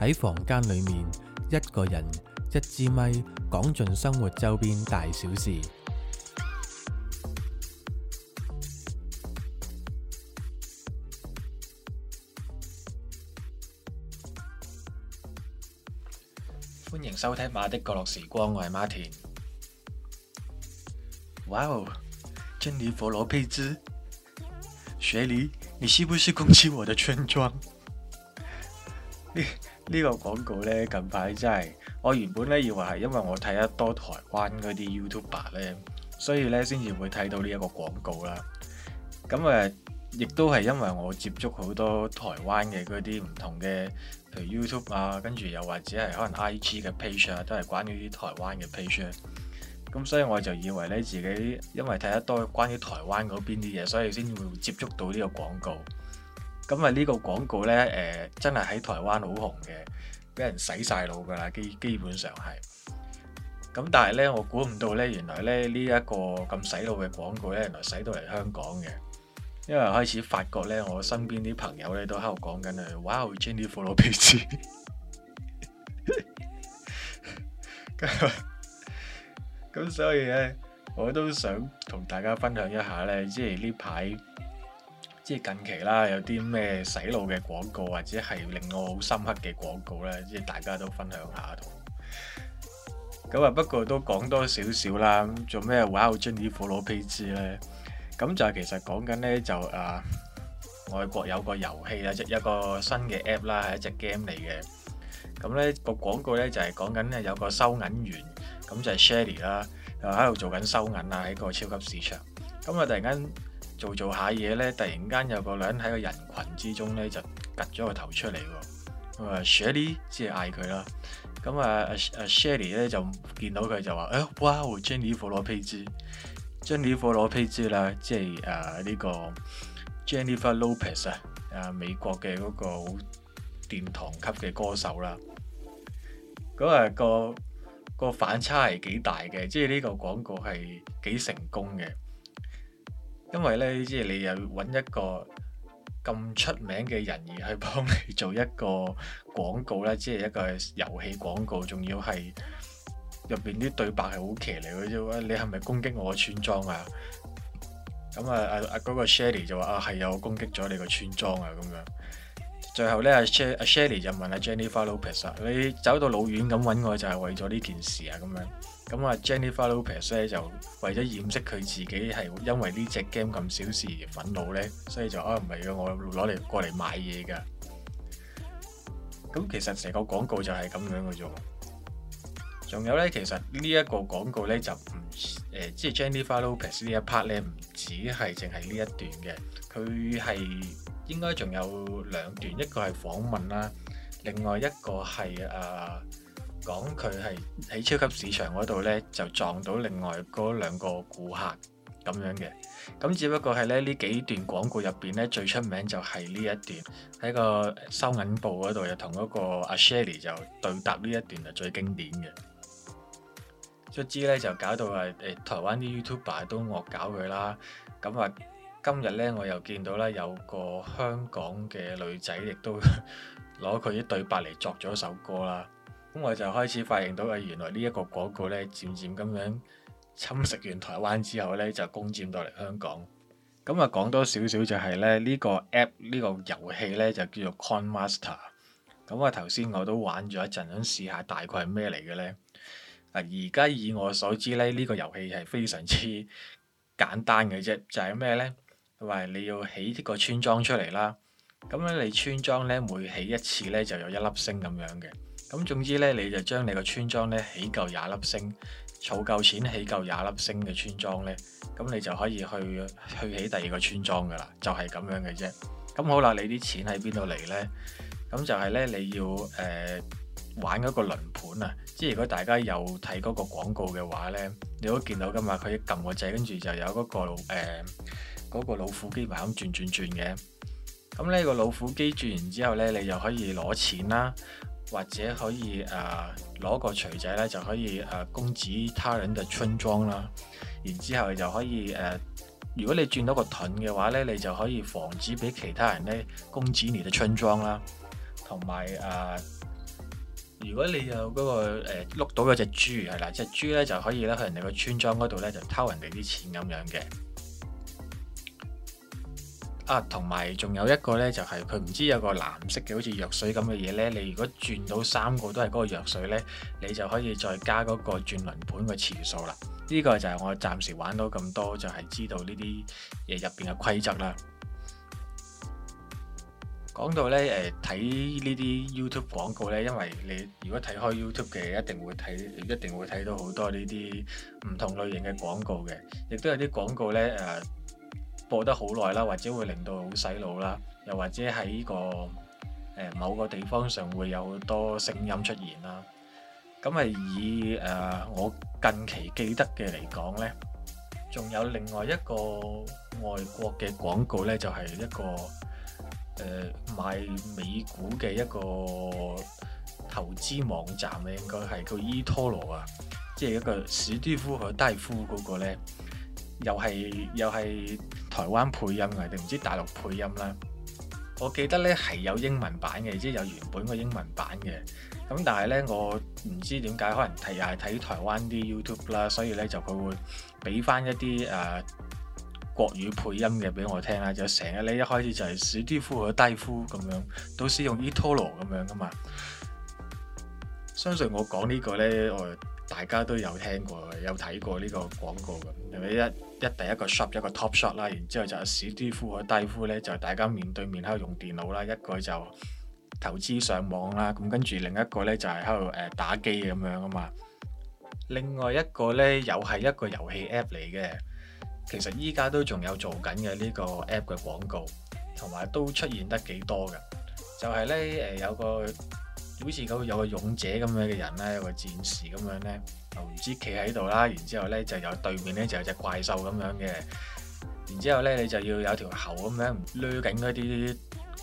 喺房間裏面，一個人一支咪講盡生活周邊大小事。歡迎收聽馬的角落時光，我係馬田。哇、wow，哦，珍妮佛羅培茲雪梨，你是不是攻擊我的村莊？你？呢個廣告呢，近排真係，我原本呢，以為係因為我睇得多台灣嗰啲 YouTuber 呢，所以呢，先至會睇到呢一個廣告啦。咁誒，亦都係因為我接觸好多台灣嘅嗰啲唔同嘅，譬如 YouTube 啊，跟住又或者係可能 IG 嘅 page 啊，都係關於啲台灣嘅 page 啊。咁所以我就以為呢，自己因為睇得多關於台灣嗰邊啲嘢，所以先會接觸到呢個廣告。咁啊呢個廣告咧，誒真係喺台灣好紅嘅，俾人洗曬腦㗎啦，基基本上係。咁但係咧，我估唔到咧，原來咧呢一個咁洗腦嘅廣告咧，原來洗到嚟香港嘅。因為開始發覺咧，我身邊啲朋友咧都喺度講緊啊，Wow，珍妮佛羅培茲，咁所以咧我都想同大家分享一下咧，即係呢排。即係近期啦，有啲咩洗腦嘅廣告或者係令我好深刻嘅廣告咧，即係大家都分享下。咁啊，不過都講多少少啦。做咩？Wow！珍妮佛羅培茲咧。咁就係其實講緊咧，就啊，外國有個遊戲啊，即一個新嘅 app 啦，係一隻 game 嚟嘅。咁咧，個廣告咧就係講緊咧，有個收銀員，咁就係 Sherry 啦，就喺度做緊收銀啊，喺個超級市場。咁啊，突然間～做做下嘢咧，突然間有個女人喺個人群之中咧就擳咗個頭出嚟喎。咁啊，Sherry 即係嗌佢啦。咁啊，啊 Sherry 咧就見到佢就話：誒，哇！我 Jennifer Lopez，Jennifer Lopez 啦，即係誒呢個 Jennifer Lopez 啊，啊 uh, uh, 美國嘅嗰個殿堂級嘅歌手啦。嗰個個個反差係幾大嘅，即係呢個廣告係幾成功嘅。因為咧，即係你又揾一個咁出名嘅人而去幫你做一個廣告咧，即係一個遊戲廣告，仲要係入邊啲對白係好騎呢嘅，即係話你係咪攻擊我嘅村莊啊？咁啊啊啊，嗰個 Sherry 就話啊，係有攻擊咗你個村莊啊，咁樣。最後咧，阿 Sh 阿 Sherry 就問阿 Jennifer Lopez，你走到老遠咁揾我，就係為咗呢件事啊，咁樣。咁啊，Jennifer Lopez 咧就為咗掩飾佢自己係因為呢隻 game 咁小事而憤怒咧，所以就可能唔係要我攞嚟過嚟賣嘢噶。咁其實成個廣告就係咁樣嘅啫。仲有咧，其實呢一個廣告咧就唔誒，即係 Jennifer Lopez 呢一 part 咧，唔止係淨係呢一段嘅，佢係應該仲有兩段，一個係訪問啦，另外一個係誒。講佢係喺超級市場嗰度咧，就撞到另外嗰兩個顧客咁樣嘅。咁只不過係咧，呢幾段廣告入邊咧，最出名就係呢一段喺個收銀部嗰度，又同嗰個阿 Sherry 就對答呢一段係最經典嘅。卒之咧就搞到係誒台灣啲 YouTuber 都惡搞佢啦。咁啊今日咧我又見到啦，有個香港嘅女仔亦都攞佢啲對白嚟，作咗一首歌啦。我就開始發現到啊，原來呢一個廣告咧，漸漸咁樣侵蝕完台灣之後咧，就攻佔到嚟香港。咁啊、就是，講多少少就係咧呢個 app 呢個遊戲咧，就叫做 Coin Master。咁啊，頭先我都玩咗一陣，想試下大概係咩嚟嘅咧。啊，而家以我所知咧，呢、呢個遊戲係非常之簡單嘅啫，就係咩咧？同埋你要起呢個村莊出嚟啦。咁咧，你村莊咧每起一次咧就有一粒星咁樣嘅。咁，總之咧，你就將你個村莊咧起夠廿粒星，儲夠錢起夠廿粒星嘅村莊咧，咁你就可以去去起第二個村莊噶啦，就係、是、咁樣嘅啫。咁好啦，你啲錢喺邊度嚟咧？咁就係咧，你要誒、呃、玩嗰個輪盤啊。即係如果大家有睇嗰個廣告嘅話咧，你都見到噶嘛？佢一撳個掣，跟住就有嗰、那個誒、呃那個、老虎機，慢慢轉轉轉嘅。咁呢個老虎機轉完之後咧，你就可以攞錢啦。或者可以誒攞、啊、個錘仔咧，就可以誒攻擊他人嘅村莊啦。然之後就可以誒、啊，如果你轉到個盾嘅話咧，你就可以防止俾其他人咧攻擊你嘅村莊啦。同埋誒，如果你有嗰、那個碌、呃、到有隻豬係啦，隻豬咧就可以咧去人哋個村莊嗰度咧就偷人哋啲錢咁樣嘅。啊，同埋仲有一個呢，就係佢唔知有個藍色嘅好似藥水咁嘅嘢呢，你如果轉到三個都係嗰個藥水呢，你就可以再加嗰個轉輪盤嘅次數啦。呢、這個就係我暫時玩到咁多，就係、是、知道呢啲嘢入邊嘅規則啦。講到呢，誒、呃，睇呢啲 YouTube 廣告呢，因為你如果睇開 YouTube 嘅，一定會睇，一定會睇到好多呢啲唔同類型嘅廣告嘅，亦都有啲廣告呢。誒、呃。播得好耐啦，或者會令到好洗腦啦，又或者喺呢個誒、呃、某個地方上會有好多聲音出現啦。咁、呃、啊以誒、呃、我近期記得嘅，嚟講咧，仲有另外一個外國嘅廣告咧，就係、是、一個誒買、呃、美股嘅一個投資網站咧，應該係叫 eToro 啊、oro，即係一個史蒂夫和戴夫嗰個咧。又係又係台灣配音嘅，定唔知大陸配音啦？我記得咧係有英文版嘅，即係有原本個英文版嘅。咁但係咧，我唔知點解，可能睇又係睇台灣啲 YouTube 啦，所以咧就佢會俾翻一啲誒、呃、國語配音嘅俾我聽啦。就成日咧一開始就係史蒂夫嘅低呼咁樣，到時用 eToro 咁樣噶嘛。相信我講呢個咧，我。大家都有聽過、有睇過呢個廣告嘅，係咪一一第一個 shop 一個 top shop 啦，然之後就史蒂夫同低夫咧，就係大家面對面喺度用電腦啦，一個就投資上網啦，咁跟住另一個咧就係喺度誒打機咁樣啊嘛。另外一個咧又係一個遊戲 app 嚟嘅，其實依家都仲有做緊嘅呢個 app 嘅廣告，同埋都出現得幾多㗎，就係咧誒有個。好似有個勇者咁樣嘅人咧，有個戰士咁樣咧，就唔知企喺度啦。然之後咧，就有對面咧就有隻怪獸咁樣嘅。然之後咧，你就要有條喉咁樣攣緊嗰啲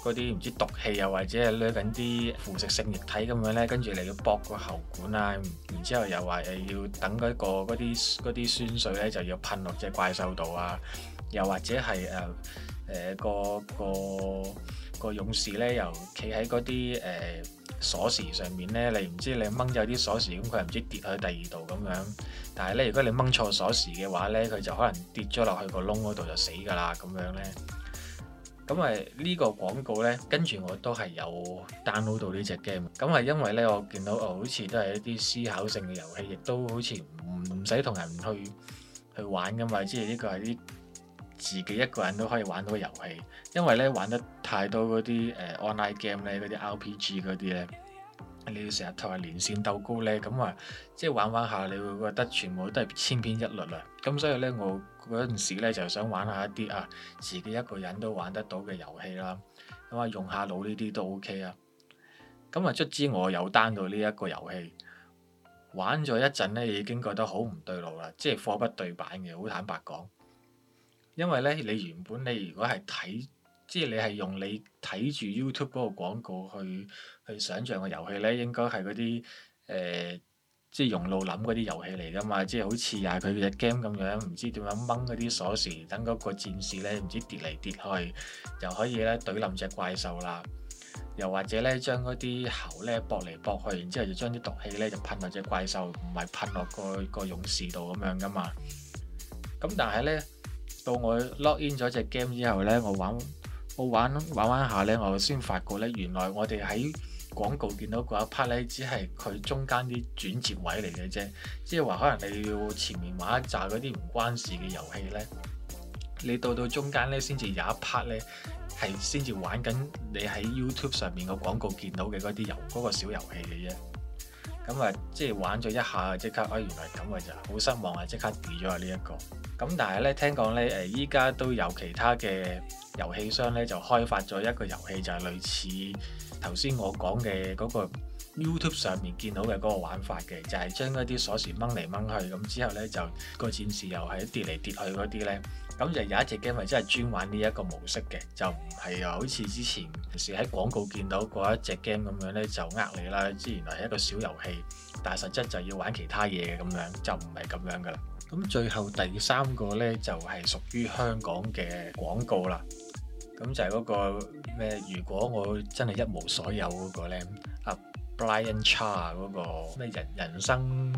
嗰啲唔知毒氣，又或者係攣緊啲腐蝕性液體咁樣咧，跟住嚟到搏個喉管啦。然之後，然後，然後又話誒要等嗰啲啲酸水咧，就要噴落隻怪獸度啊。又或者係誒誒個個個勇士咧，又企喺嗰啲誒。呃鎖匙上面咧，你唔知你掹咗啲鎖匙，咁佢唔知跌去第二度咁樣。但係咧，如果你掹錯鎖匙嘅話咧，佢就可能跌咗落去個窿嗰度就死㗎啦咁樣咧。咁誒呢個廣告咧，跟住我都係有 download 到呢隻 game。咁係因為咧，我見到哦，好似都係一啲思考性嘅遊戲，亦都好似唔唔使同人去去玩噶嘛。即係呢個係啲。自己一個人都可以玩到嘅遊戲，因為咧，玩得太多嗰啲誒 online game 咧，嗰啲 RPG 嗰啲咧，你要成日同人連線鬥高咧，咁啊即係玩玩下，你會覺得全部都係千篇一律啦。咁所以咧，我嗰陣時咧就想玩下一啲啊，自己一個人都玩得到嘅遊戲啦。咁啊，用下腦呢啲都 OK 啊。咁啊，卒之我有 download 呢一個遊戲，玩咗一陣咧，已經覺得好唔對路啦，即係貨不對版嘅，好坦白講。因為咧，你原本你如果係睇，即係你係用你睇住 YouTube 嗰個廣告去去想像個遊戲咧，應該係嗰啲誒即係用腦諗嗰啲遊戲嚟㗎嘛。即係好似啊，佢隻 game 咁樣，唔知點樣掹嗰啲鎖匙，等嗰個戰士咧唔知跌嚟跌去，又可以咧懟冧隻怪獸啦。又或者咧，將嗰啲喉咧搏嚟搏去，然之後就將啲毒氣咧就噴落隻怪獸，唔係噴落個個勇士度咁樣㗎嘛。咁但係咧。到我 lock in 咗隻 game 之後咧，我玩我玩玩玩下咧，我先發覺咧，原來我哋喺廣告見到嘅一 part 咧，只係佢中間啲轉接位嚟嘅啫。即係話，可能你要前面玩一揸嗰啲唔關事嘅遊戲咧，你到到中間咧，先至有一 part 咧係先至玩緊你喺 YouTube 上面個廣告見到嘅嗰啲遊嗰個小遊戲嘅啫。咁啊，即係玩咗一下，即刻，哎，原來咁嘅就好失望啊！即刻跌咗啊呢一個。咁但係咧，聽講咧，誒，依家都有其他嘅遊戲商咧，就開發咗一個遊戲，就係、是、類似頭先我講嘅嗰個 YouTube 上面見到嘅嗰個玩法嘅，就係將嗰啲鎖匙掹嚟掹去，咁之後咧就個戰士又係跌嚟跌去嗰啲咧。咁就有一隻 game 係真係專玩呢一個模式嘅，就唔係啊。好似之前平時喺廣告見到過一隻 game 咁樣咧就呃你啦。之原來係一個小遊戲，但係實質就要玩其他嘢嘅咁樣，就樣，就唔係咁樣噶啦。咁最後第三個咧就係、是、屬於香港嘅廣告啦。咁就係嗰、那個咩？如果我真係一無所有嗰個咧，啊 Brian Cha 嗰個咩人人生。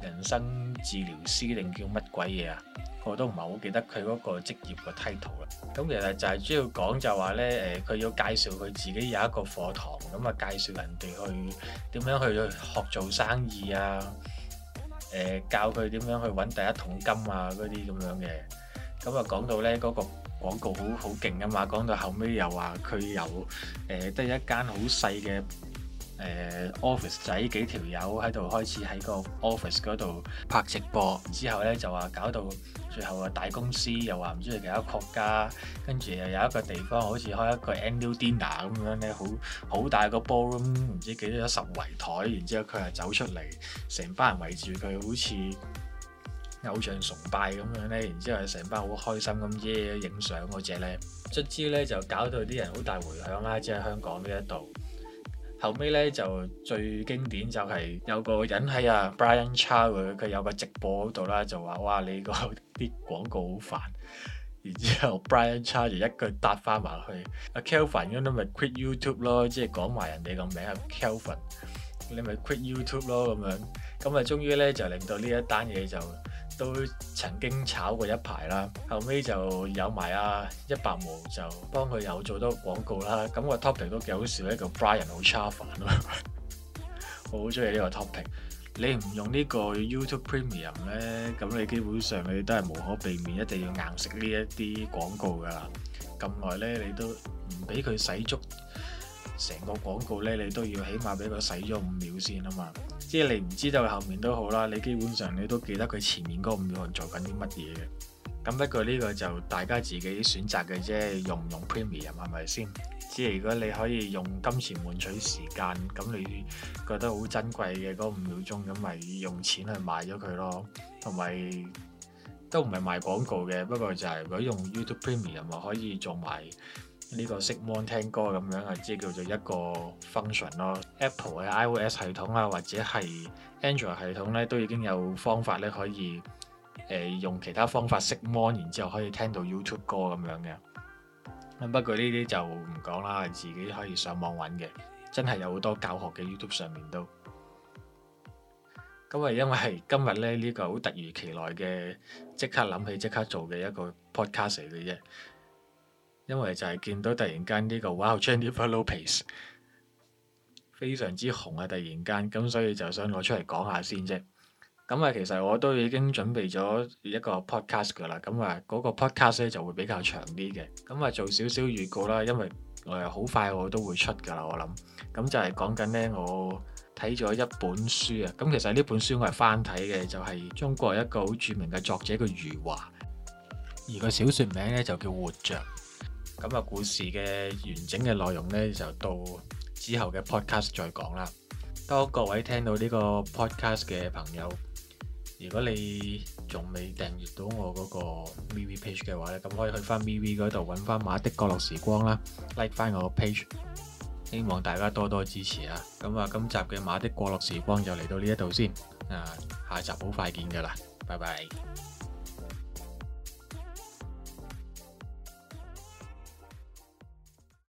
人生治療師定叫乜鬼嘢啊？我都唔係好記得佢嗰個職業個 title 啦。咁其實就係、係、主要講就話呢，誒、呃、佢要介紹佢自己有一個課堂，咁啊介紹人哋去點樣去去學做生意啊，誒、呃、教佢點樣去揾第一桶金啊嗰啲咁樣嘅。咁啊講到呢嗰、嗰個廣告好好勁啊嘛，講到後尾又話佢有誒得、呃、一間好細嘅。誒、uh, office 仔幾條友喺度開始喺個 office 嗰度拍直播，之後咧就話搞到最後啊，大公司又話唔知係其他國家，跟住又有一個地方好似開一個 annual dinner 咁樣咧，好好大個 ballroom，唔知幾多十圍枱，然之後佢係走出嚟，成班人圍住佢好似偶像崇拜咁樣咧，然之後成班好開心咁耶影相嗰隻咧，卒之咧就搞到啲人好大回響啦，即係香港呢一度。後尾咧就最經典就係有個人喺啊 Brian Charles 佢有個直播嗰度啦，就話哇你個啲廣告好煩，然之後 Brian Charles 就一句答翻埋去阿 Kelvin 咁你咪 quit YouTube 咯，即係講埋人哋個名啊 Kelvin，你咪 quit YouTube 咯咁樣，咁啊終於咧就令到呢一單嘢就。都曾經炒過一排啦，後尾就有埋啊。一百毛就幫佢有做多廣告啦。咁、這個 topic 都幾好笑，一 個 Brian 好 cha 啊！我好中意呢個 topic。你唔用呢個 YouTube Premium 呢，咁你基本上你都係無可避免一定要硬食呢一啲廣告㗎啦。咁耐呢，你都唔俾佢洗足。成個廣告咧，你都要起碼俾佢洗咗五秒先啊嘛！即係你唔知道後面都好啦，你基本上你都記得佢前面嗰五秒做緊啲乜嘢嘅。咁不過呢個就大家自己選擇嘅啫，用唔用 Premium 係咪先？即係如果你可以用金錢換取時間，咁你覺得好珍貴嘅嗰五秒鐘，咁咪用錢去買咗佢咯。同埋都唔係賣廣告嘅，不過就係如果用 YouTube Premium 啊，可以做埋。呢個熄 Mon 聽歌咁樣啊，即叫做一個 function 咯。Apple 嘅 iOS 系統啊，或者係 Android 系統咧，都已經有方法咧可以誒、呃、用其他方法熄 Mon，然之後可以聽到 YouTube 歌咁樣嘅。咁不過呢啲就唔講啦，自己可以上網揾嘅，真係有好多教學嘅 YouTube 上面都。咁啊，因為今日咧呢、這個好突如其來嘅，即刻諗起即刻做嘅一個 podcast 嚟嘅啫。因為就係見到突然間呢個 Wow, Jennifer Lopez 非常之紅啊！突然間咁，所以就想攞出嚟講下先啫。咁啊，其實我都已經準備咗一個 podcast 噶啦。咁啊，嗰個 podcast 咧就會比較長啲嘅。咁啊，做少少預告啦，因為誒好快我都會出噶啦，我諗。咁就係講緊呢，我睇咗一本書啊。咁其實呢本書我係翻睇嘅，就係、是、中國一個好著名嘅作者叫余華，而個小說名咧就叫活著《活着》。咁啊，故事嘅完整嘅內容呢，就到之後嘅 podcast 再講啦。當各位聽到呢個 podcast 嘅朋友，如果你仲未訂閱到我嗰個 MV page 嘅話咧，咁可以去翻 MV 嗰度揾翻馬的角落時光啦，like 翻我個 page，希望大家多多支持啊！咁啊，今集嘅馬的角落時光就嚟到呢一度先，啊，下集好快見嘅啦，拜拜。